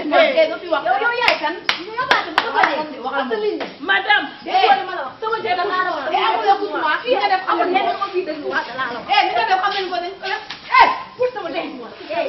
du fi wax. yow yow yaay kan. yow baatu bu ko bëggee. waxal ma madame. sama jëkkër da ngaa la wax. eh amul ku tuuma fii nga def amul lenn ma fii dëgg waa da laa la wax. eh li nga def xam nañu ko dañ ko def. eh pour sama denc. eh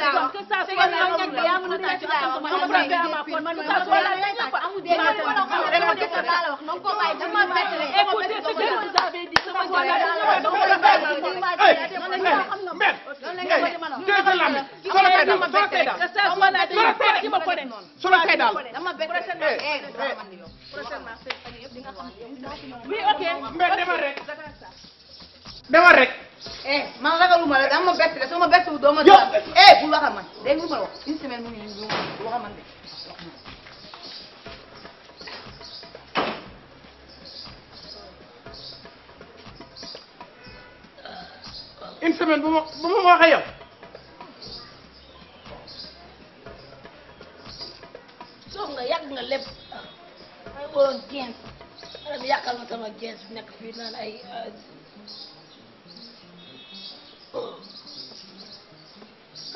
que ça soit la ñag bi yaa mën a tàcc ak man ma fi ama pour man ça soit la ñag ko amu dé ma ko xam rek ma def la wax non ko bàyyi dama bett la écoutez ce que vous avez dit sama ko la dama la bàyyi solo kay daal dama bett prochainement oui ok eh bul wax ak man dégg nga lu ma la wax une semaine de wax bu ma bu ma ma waxee yow soog nga yàq nga lépp may woon jeans xale bi yàqal ma sama jeans bi nekk fii naan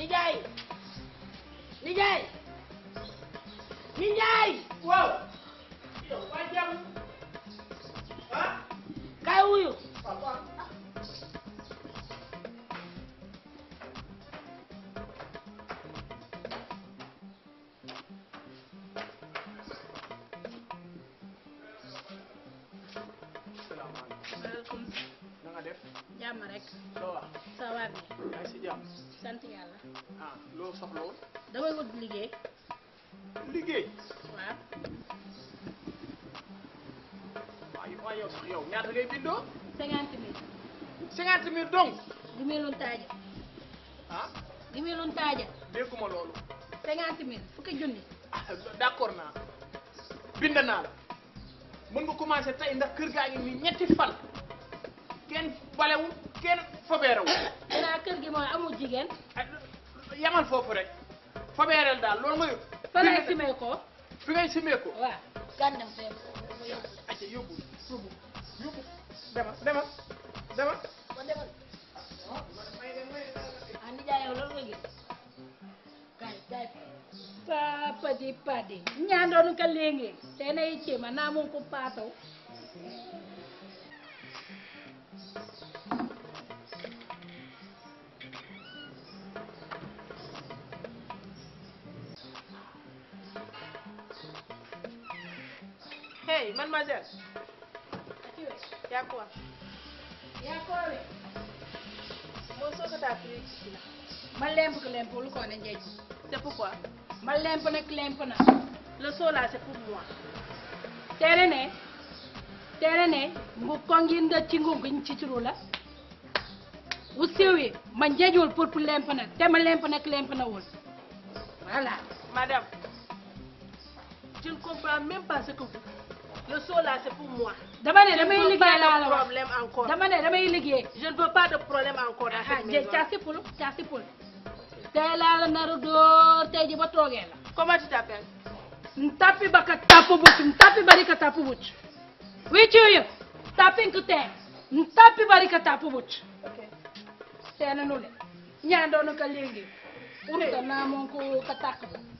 nijaay nijaay nijaay waaw yow waa jàmm ah kaay wuyu nga def. jàmm rek. soo wax. ça va bi. si jàmm. sant yàlla. ah loo soxla woon. damay wut liggéey. liggéey. waaw. waaye waaye yow sax yow ñaata ngay bindoo. cinquante mille. cinquante mille donc. di meloon taaja. ah. di taaja. dégguma loolu. cinquante mille fukki junni. Ah, d'accord naa bind naa la mën nga commencé tey ndax kër gaa ngi ñetti fan. kenn balewul kenn fobeerewul. xanaa kër gi mooy amul jigéen. Ah, yamal foofu rek fobeereel daal loolu mooy. fa lay simee ko fi ngay simee ko. waaw gànnaaw sa yóbbu. ayca yóbbu yóbbu yóbbu demal demal demal. kon ah, ka léegi. tey nay cee ma naa mun ko Hey, man Ya quoi Ya quoi lemp ko lemp lu ko ne njeej. C'est pourquoi? Ma lemp nag lemp na. Le seau c'est pour moi. Tere ne tere ne ngu konginda ci ngu ngi ci turu la. u siwi ma njejul pour pour lemp nag te ma lemp nag lemp na wul voilà. Madame, je ne comprends même pas ce que le seau là c'est pour moi. dama liggéey laa la wax problème encore. dama de problème encore. ah jé caasipul caasipul. tey laa la nar a door tey ji ba toogee la. comment tu t'appelles. Ntappi ba ka tappu bucc Ntappi bari ka tappu bucc. wiccuyu tappin ku tee Ntappi bari ka tappu bucc. ok tey na nu le. ka léegi. ka tàkk